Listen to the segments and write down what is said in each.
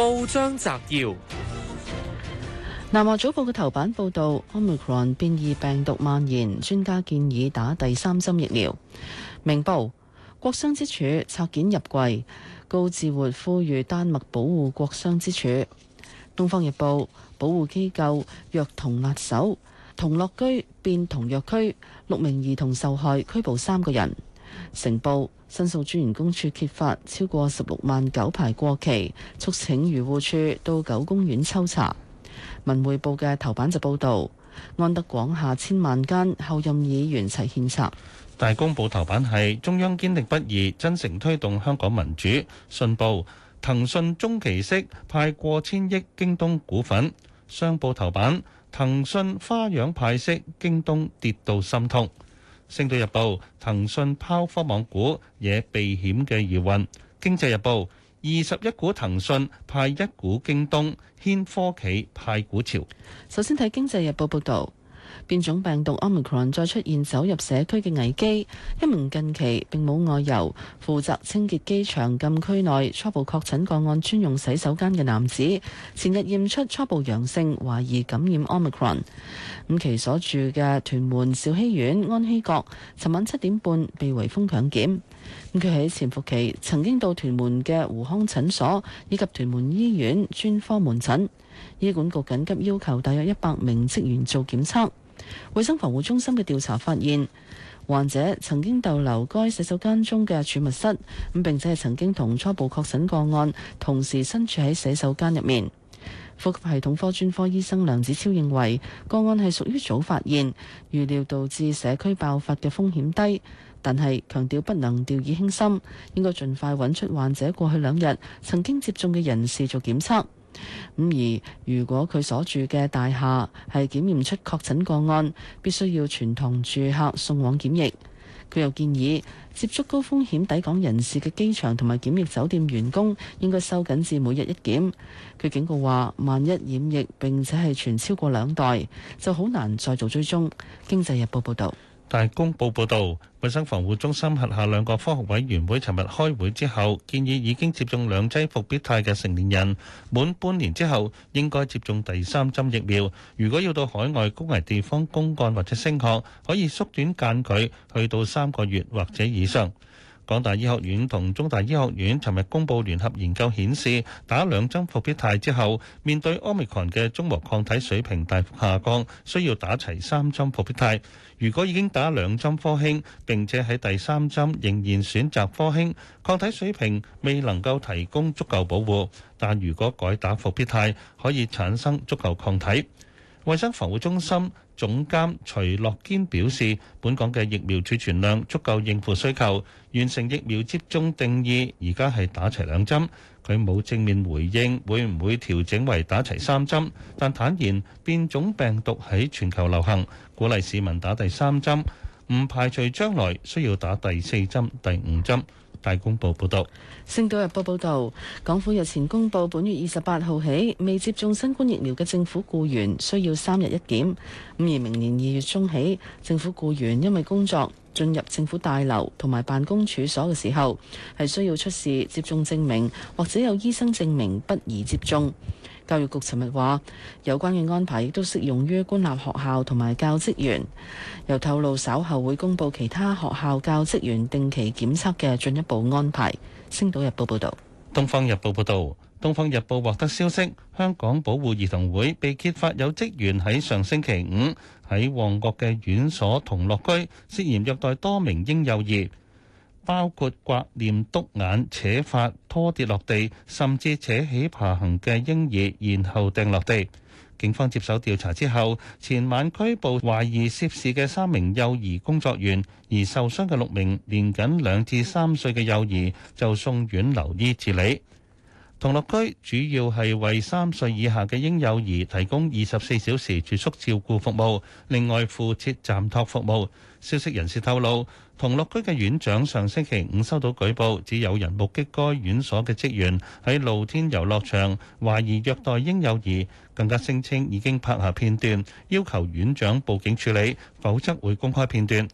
報章摘要：南華早報嘅頭版報道，Omicron 變異病毒蔓延，專家建議打第三針疫苗。明報：國商之柱拆件入櫃，高志活呼籲丹麥保護國商之柱。東方日報：保護機構虐童辣手，同樂居變同虐區，六名兒童受害，拘捕三個人。成報，申訴專員公署揭發超過十六萬狗牌過期，促請漁護署到狗公園抽查。文匯報嘅頭版就報道安德廣廈千萬間，候任議員齊獻策。大公報頭版係中央堅定不移真誠推動香港民主。信報騰訊中期息派過千億京東股份，商報頭版騰訊「花樣派息」京東跌到心痛。星島日報：騰訊拋科網股，惹避險嘅疑雲。經濟日報：二十一股騰訊派一股京東，掀科企派股潮。首先睇經濟日報報道。變種病毒 Omicron 再出現走入社區嘅危機。一名近期並冇外遊、負責清潔機場禁區內初步確診個案專用洗手間嘅男子，前日驗出初步陽性，懷疑感染 Omicron。咁其所住嘅屯門兆禧苑安禧閣，尋晚七點半被圍封強檢。佢喺潛伏期曾經到屯門嘅胡康診所以及屯門醫院專科門診。醫管局緊急要求大約一百名職員做檢測。衛生防護中心嘅調查發現，患者曾經逗留該洗手間中嘅儲物室，咁並且係曾經同初步確診個案同時身處喺洗手間入面。呼吸系統科專科醫生梁子超認為，個案係屬於早發現，預料導致社區爆發嘅風險低，但係強調不能掉以輕心，應該盡快揾出患者過去兩日曾經接種嘅人士做檢測。咁而如果佢所住嘅大廈係檢驗出確診個案，必須要全幢住客送往檢疫。佢又建議接觸高風險抵港人士嘅機場同埋檢疫酒店員工，應該收緊至每日一檢。佢警告話，萬一染疫並且係傳超過兩代，就好難再做追蹤。經濟日報報道。大公報報導，衞生防護中心轄下兩個科學委員會尋日開會之後，建議已經接種兩劑復必泰嘅成年人，滿半年之後應該接種第三針疫苗。如果要到海外高危地方公幹或者升學，可以縮短間距，去到三個月或者以上。港大醫學院同中大醫學院尋日公布聯合研究顯示，打兩針復必泰之後，面對 Omicron 嘅中和抗體水平大幅下降，需要打齊三針復必泰。如果已經打兩針科興，並且喺第三針仍然選擇科興，抗體水平未能夠提供足夠保護，但如果改打復必泰，可以產生足夠抗體。衛生防護中心。總監徐樂堅表示，本港嘅疫苗儲存量足夠應付需求，完成疫苗接種定義，而家係打齊兩針，佢冇正面回應會唔會調整為打齊三針，但坦言變種病毒喺全球流行，鼓勵市民打第三針，唔排除將來需要打第四針、第五針。大公報報道，星島日報報道，港府日前公布，本月二十八號起，未接種新冠疫苗嘅政府僱員需要三日一檢。咁而明年二月中起，政府僱員因為工作進入政府大樓同埋辦公處所嘅時候，係需要出示接種證明或者有醫生證明不宜接種。教育局尋日話，有關嘅安排亦都適用於官立學校同埋教職員。又透露稍後會公布其他學校教職員定期檢測嘅進一步安排。星島日報報導，《東方日報》報導，《東方日報》獲得消息，香港保護兒童會被揭發有職員喺上星期五喺旺角嘅院所童樂居涉嫌虐待多名嬰幼兒。包括刮臉、篤眼、扯發、拖跌落地，甚至扯起爬行嘅嬰兒，然後掟落地。警方接手調查之後，前晚拘捕懷疑涉事嘅三名幼兒工作員，而受傷嘅六名年僅兩至三歲嘅幼兒就送院留醫治理。同樂居主要係為三歲以下嘅嬰幼兒提供二十四小時住宿照顧服務，另外附設暫托服務。消息人士透露，同樂區嘅院長上星期五收到舉報指有人目擊該院所嘅職員喺露天遊樂場懷疑虐待嬰幼兒，更加聲稱已經拍下片段，要求院長報警處理，否則會公開片段。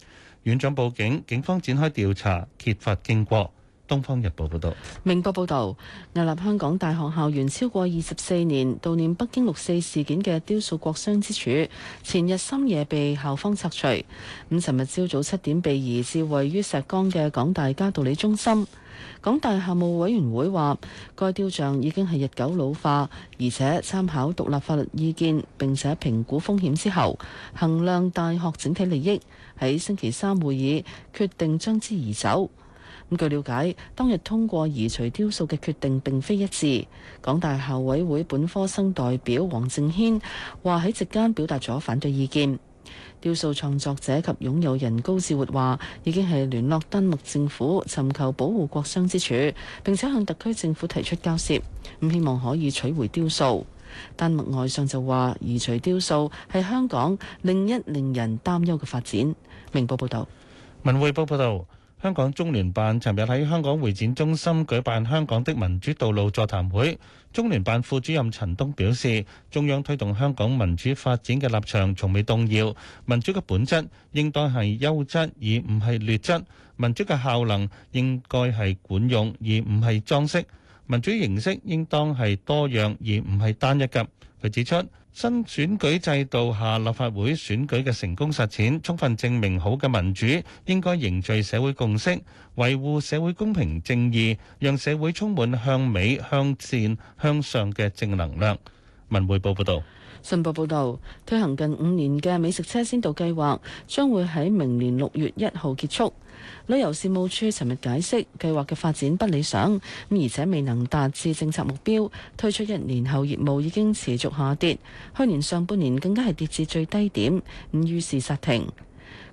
院長報警，警方展開調查，揭發經過。《東方日報》報導，《明報》報道：屹立香港大學校園超過二十四年，悼念北京六四事件嘅雕塑國殤之柱，前日深夜被校方拆除。五尋日朝早七點被移至位於石崗嘅港大嘉道理中心。港大校務委員會話，該雕像已經係日久老化，而且參考獨立法律意見，並且評估風險之後，衡量大學整體利益，喺星期三會議決定將之移走。咁據了解，當日通過移除雕塑嘅決定並非一致。港大校委會本科生代表黃正軒話喺席間表達咗反對意見。雕塑創作者及擁有人高志活話，已經係聯絡丹麥政府尋求保護國商之處，並且向特區政府提出交涉。咁希望可以取回雕塑。丹麥外相就話，移除雕塑係香港另一令人擔憂嘅發展。明報報道。文匯報報導。香港中聯辦尋日喺香港會展中心舉辦香港的民主道路座談會，中聯辦副主任陳東表示，中央推動香港民主發展嘅立場從未動搖。民主嘅本質應當係優質，而唔係劣質；民主嘅效能應該係管用，而唔係裝飾；民主形式應當係多樣，而唔係單一嘅。佢指出。新選舉制度下立法會選舉嘅成功實踐，充分證明好嘅民主應該凝聚社會共識，維護社會公平正義，讓社會充滿向美、向善、向上嘅正能量。文匯報報道。信報報道，推行近五年嘅美食車先導計劃將會喺明年六月一號結束。旅遊事務處尋日解釋，計劃嘅發展不理想，咁而且未能達至政策目標，推出一年後業務已經持續下跌，去年上半年更加係跌至最低點，咁於是煞停。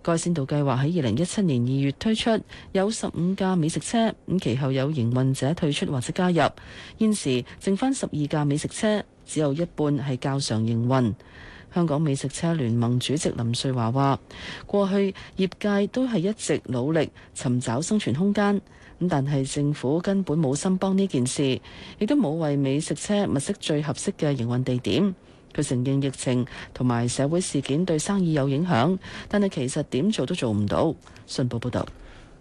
該先導計劃喺二零一七年二月推出，有十五架美食車，咁其後有營運者退出或者加入，現時剩返十二架美食車，只有一半係較常營運。香港美食車聯盟主席林瑞華話：過去業界都係一直努力尋找生存空間，咁但係政府根本冇心幫呢件事，亦都冇為美食車物色最合適嘅營運地點。佢承認疫情同埋社會事件對生意有影響，但係其實點做都做唔到。信報報道。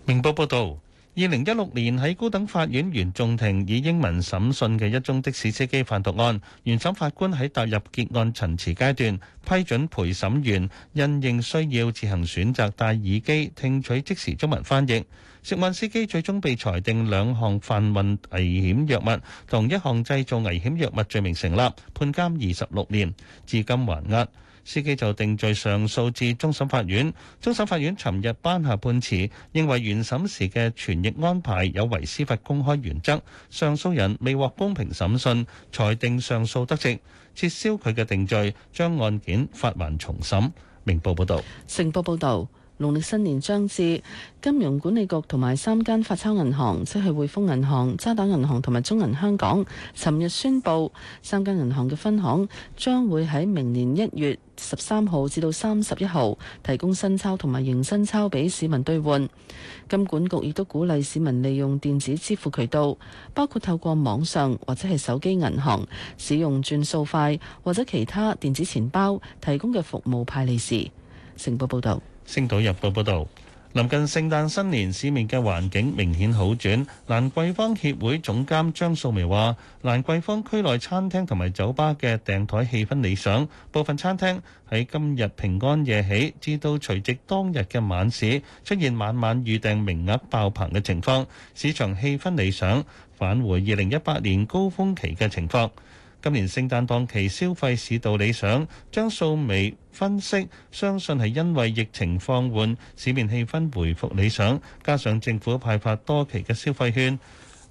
明報報道。二零一六年喺高等法院原訟庭以英文審訊嘅一宗的士司機販毒案，原審法官喺踏入結案陳詞階段，批准陪審員因應需要自行選擇戴耳機聽取即時中文翻譯。食運司機最終被裁定兩項販運危險藥物同一項製造危險藥物罪名成立，判監二十六年，至今還押。司機就定罪上訴至終審法院，終審法院尋日頒下判詞，認為原審時嘅傳譯安排有違司法公開原則，上訴人未獲公平審訊，裁定上訴得直，撤銷佢嘅定罪，將案件發還重審。明報報道。成報報導。農曆新年將至，金融管理局同埋三間發鈔銀行，即係匯豐銀行、渣打銀行同埋中銀香港，尋日宣布三間銀行嘅分行將會喺明年一月十三號至到三十一號提供新鈔同埋迎新鈔俾市民兌換。金管局亦都鼓勵市民利用電子支付渠道，包括透過網上或者係手機銀行使用轉數快或者其他電子錢包提供嘅服務派利是。成報報道。《星島日報》報道，臨近聖誕新年，市面嘅環境明顯好轉。蘭桂坊協會總監張素梅話，蘭桂坊區內餐廳同埋酒吧嘅訂檯氣氛理想，部分餐廳喺今日平安夜起至到除夕當日嘅晚市出現晚晚預訂名額爆棚嘅情況，市場氣氛理想，返回二零一八年高峰期嘅情況。今年聖誕檔期消費市道理想，張數微分析相信係因為疫情放緩，市面氣氛回復理想，加上政府派發多期嘅消費券，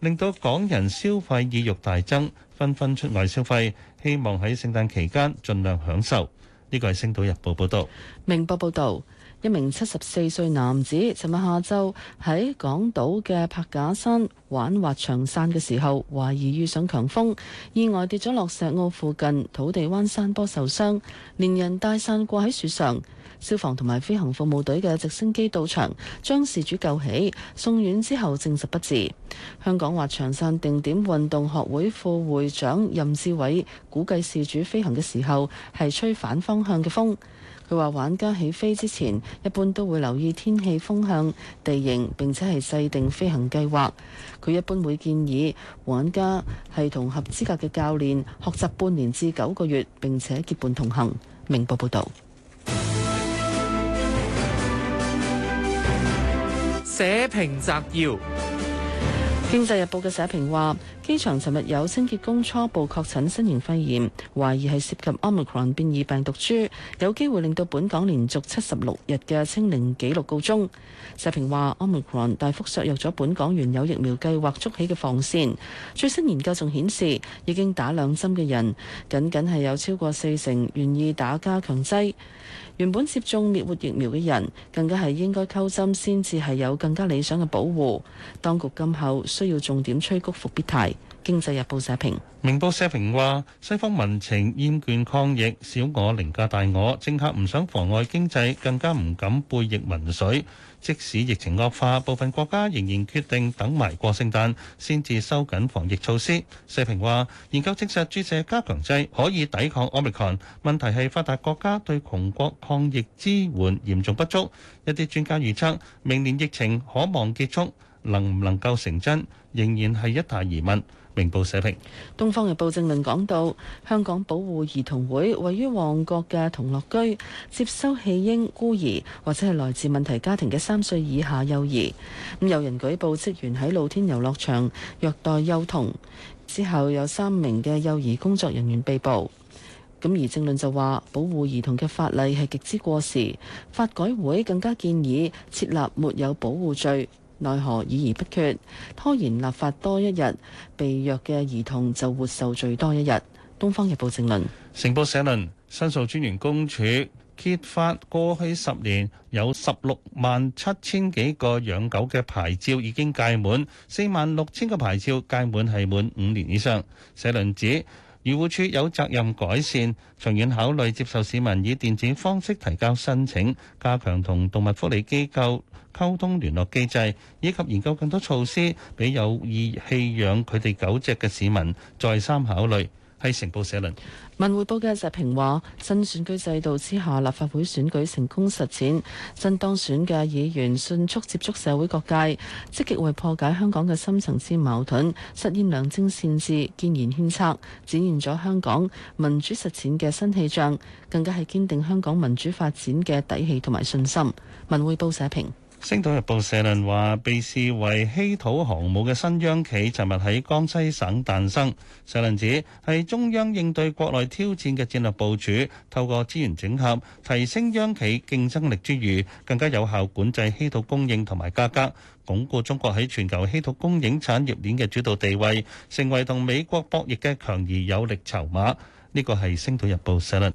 令到港人消費意欲大增，紛紛出外消費，希望喺聖誕期間盡量享受。呢個係《星島日報》報道。《明報》報道。一名七十四歲男子，尋日下晝喺港島嘅柏架山玩滑翔傘嘅時候，懷疑遇上強風，意外跌咗落石澳附近土地灣山坡，受傷，連人帶傘掛喺樹上。消防同埋飛行服務隊嘅直升機到場，將事主救起送院之後，證實不治。香港滑翔傘定點運動學會副會長任志偉估計事主飛行嘅時候係吹反方向嘅風。佢話：玩家起飛之前一般都會留意天氣、風向、地形，並且係制定飛行計劃。佢一般會建議玩家係同合資格嘅教練學習半年至九個月，並且結伴同行。明報報導。社評摘要：《經濟日報》嘅社評話，機場尋日有清潔工初步確診新型肺炎，懷疑係涉及 Omicron 變異病毒株，有機會令到本港連續七十六日嘅清零紀錄告終。社評話，Omicron 大幅削弱咗本港原有疫苗計劃築起嘅防線。最新研究仲顯示，已經打兩針嘅人，僅僅係有超過四成願意打加強劑。原本接種滅活疫苗嘅人，更加係應該溝針先至係有更加理想嘅保護。當局今後需要重點催谷復必泰。經濟日報社評。明報社評話：西方民情厭倦抗疫，小我凌駕大我，政客唔想妨礙經濟，更加唔敢背逆民水。即使疫情惡化，部分國家仍然決定等埋過聖誕先至收緊防疫措施。社評話：研究證實注射加強劑可以抵抗 Omicron，問題係發達國家對窮國抗疫支援嚴重不足。一啲專家預測明年疫情可望結束，能唔能夠成真，仍然係一大疑問。明報社評，《東方日報》政論講到，香港保護兒童會位於旺角嘅童樂居接收棄嬰孤兒，或者係來自問題家庭嘅三歲以下幼兒。咁有人舉報職員喺露天遊樂場虐待幼童，之後有三名嘅幼兒工作人員被捕。咁而政論就話，保護兒童嘅法例係極之過時，法改會更加建議設立沒有保護罪。奈何議而不決，拖延立法多一日，被虐嘅兒童就活受罪多一日。《東方日報》社論。《成報》社論，申訴專員公署揭發過去十年有十六萬七千幾個養狗嘅牌照已經屆滿，四萬六千個牌照屆滿係滿五年以上。社論指。漁護署有責任改善，長遠考慮接受市民以電子方式提交申請，加強同動物福利機構溝通聯絡機制，以及研究更多措施，俾有意棄養佢哋狗隻嘅市民再三考慮。喺《成報》社論，文匯報嘅石平話：新選舉制度之下，立法會選舉成功實踐，新當選嘅議員迅速接觸社會各界，積極為破解香港嘅深層次矛盾，實現良政善治、建言獻策，展現咗香港民主實踐嘅新氣象，更加係堅定香港民主發展嘅底氣同埋信心。文匯報社評。《星島日報》社論話，被視為稀土航母嘅新央企，尋日喺江西省誕生。社論指，係中央應對國內挑戰嘅戰略部署，透過資源整合提升央企競爭力之餘，更加有效管制稀土供應同埋價格，鞏固中國喺全球稀土供應產業鏈嘅主導地位，成為同美國博弈嘅強而有力籌碼。呢個係《星島日報》社論。